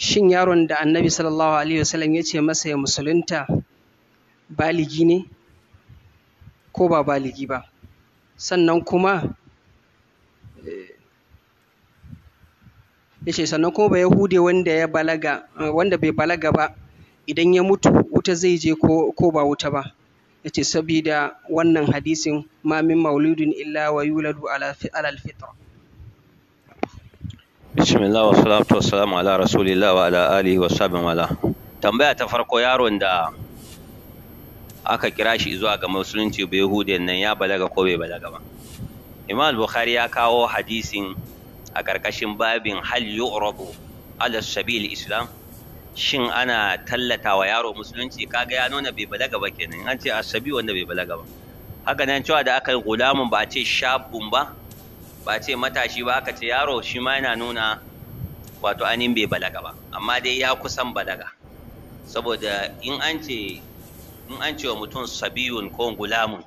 shin yaron da annabi sallallahu alaihi wasallam ya ce masa ya musulunta baligi ne ko ba baligi ba sannan kuma eh, ya ce sannan kuma ba yahude wanda ya balaga eh, wanda bai balaga ba idan ya mutu wuta zai je ko, ba wuta ba ya ce saboda wannan hadisin ma min mauludin illa wa yuladu ala, fitra Bismillah wa salatu ala rasulillah wa ala wa sahbihi wala. Tambaya ta farko yaron da aka kira shi zuwa ga musulunci bai hude nan ya balaga ko bai balaga ba. Imam Bukhari ya kawo hadisin a karkashin babin hal yu'rabu ala sabil islam shin ana tallata wa yaro musulunci kaga ya nuna bai balaga ba kenan an ce asabi wanda bai balaga ba haka nan cewa da aka yi ba a ce shabun ba ba ce matashi ba aka ce yaro shi ma yana nuna wato anin bai balaga ba amma dai ya kusan balaga saboda in an ce wa mutum sabiyun ko gulamun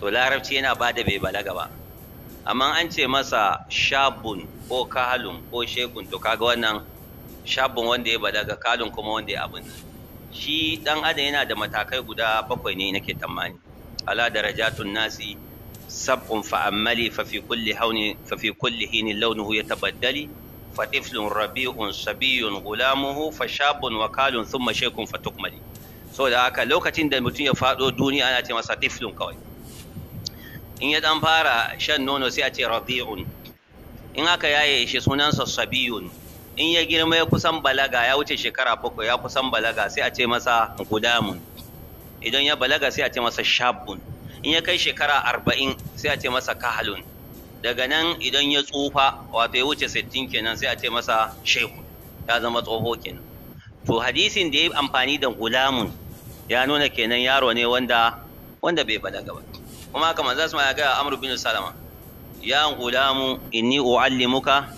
to larabci yana ba da bai balaga ba amma an ce masa shabun ko kahalun ko shekun to kaga wannan shabun wanda ya balaga kalun kuma wanda ya abin shi dan adam yana da matakai guda bakwai ne nake tamani ala darajatun nasi سبع فأملي ففي كل هون ففي كل حين لونه يتبدل فطفل ربيع صبي غلامه فشاب وكال ثم شيخ فتكمل so da haka lokacin da mutum ya faɗo duniya ana ce masa tiflun kawai in ya dan fara shan nono sai a ce rabi'un in haka yaye shi sunansa sabiyun in ya girma ya kusan balaga ya wuce shekara bakwai ya kusan balaga sai a ce masa gudamun idan ya balaga sai a ce masa shabun in ya kai shekara arba'in sai a ce masa kahalun daga nan idan ya tsufa wato ya wuce sittin kenan sai a ce masa shehu ya zama tsoho kenan to hadisin da ya yi amfani da gulamun ya nuna kenan yaro ne wanda wanda bai balaga ba kuma haka manzo sama ya ga amru bin salama ya gulamu inni uallimuka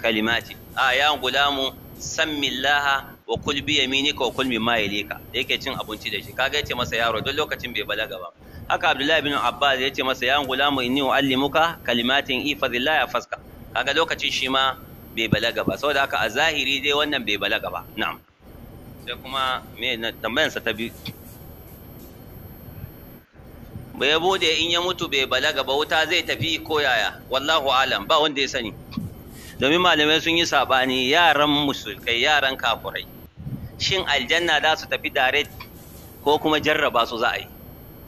kalimati a ya gulamu sammillaha wa kul bi yaminika wa kul mimma yalika yake cin abinci da shi kaga yace masa yaro don lokacin bai balaga ba haka abdullahi bin abbas ya ce masa ya gulamu inni uallimuka kalimatin ifadillah ya faska kaga lokacin shi ma bai balaga ba saboda haka a zahiri dai wannan bai balaga ba na'am sai kuma me sa ta bi. bai ya bude in ya mutu bai balaga ba wuta zai tafi ko yaya wallahu alam ba wanda ya sani domin malamai sun yi sabani yaran musulkai yaran kafurai shin aljanna za su tafi direct ko kuma jarraba su za a yi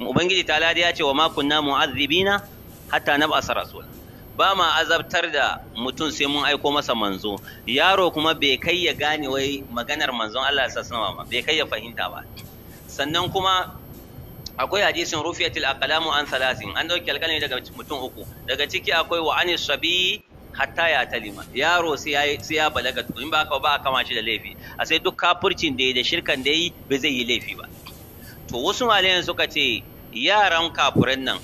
ubangiji ta ladi ya ce wa makunna mu'azzibina hatta nab'asa rasul ba ma azabtar da mutum sai mun aiko masa manzo yaro kuma bai kai ya gane wai maganar manzon Allah sassa ma ba bai kai ya fahimta ba sannan kuma akwai hadisin rufiyatil aqlamu an salasin an dauki alƙalami daga mutum uku daga ciki akwai wa anis sabi hatta ya talima yaro sai ya balaga in ba ka ba a kama shi da laifi a sai duk kafircin da ya da shirkan da yi bai zai yi laifi ba to wasu malayan suka ce yaran kafuran nan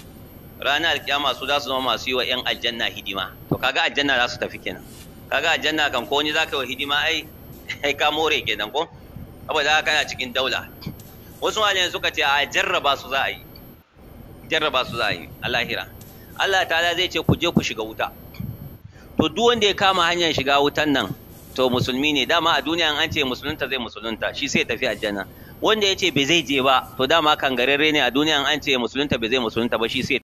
ranar alkiyama su za su zama masu yi wa 'yan aljanna hidima to kaga aljanna za su tafi kenan kaga aljanna kan ko wani za ka yi wa hidima ai ai ka more kenan ko saboda haka kana cikin daula wasu malayan suka ce a jarraba su za a yi jarraba su za a yi alahira Allah ta'ala zai ce ku je ku shiga wuta to duk wanda ya kama hanyar shiga wutan nan to musulmi ne dama a duniya an ce musulunta zai musulunta shi sai tafi aljanna wanda ya ce bai zai je ba to dama kan gare ne a duniya an ce musulunta bai zai musulunta ba shi sai